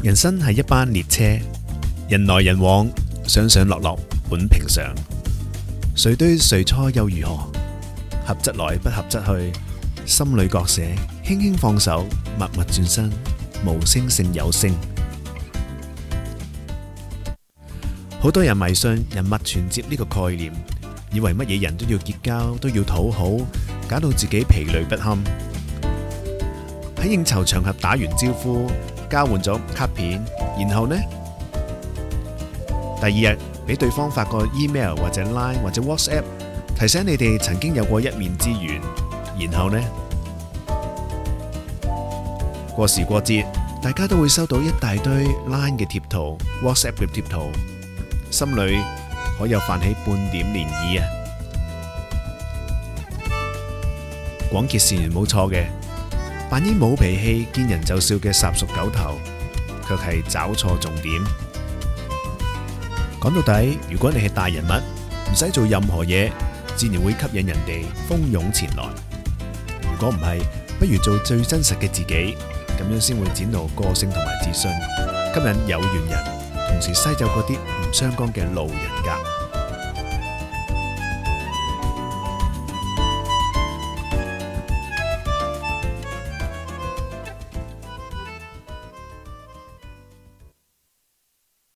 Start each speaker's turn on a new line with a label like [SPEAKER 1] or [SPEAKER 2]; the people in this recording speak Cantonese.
[SPEAKER 1] 人生係一班列車，人來人往，上上落落，本平常。誰對誰錯又如何？合則來，不合則去。心裏割捨，輕輕放手，默默轉身，無聲勝有聲。好多人迷信人脈存摺呢個概念，以為乜嘢人都要結交，都要討好，搞到自己疲累不堪。喺應酬場合打完招呼。交換咗卡片，然後呢？第二日俾對方發個 email 或者 line 或者 WhatsApp 提醒你哋曾經有過一面之緣，然後呢？過時過節，大家都會收到一大堆 line 嘅貼圖、WhatsApp 嘅貼圖，心裏可有泛起半點漣漪啊？廣結善緣冇錯嘅。扮演冇脾氣、見人就笑嘅烚熟狗頭，卻係找錯重點。講到底，如果你係大人物，唔使做任何嘢，自然會吸引人哋蜂擁前來。如果唔係，不如做最真實嘅自己，咁樣先會展露個性同埋自信，吸引有緣人，同時篩走嗰啲唔相干嘅路人甲。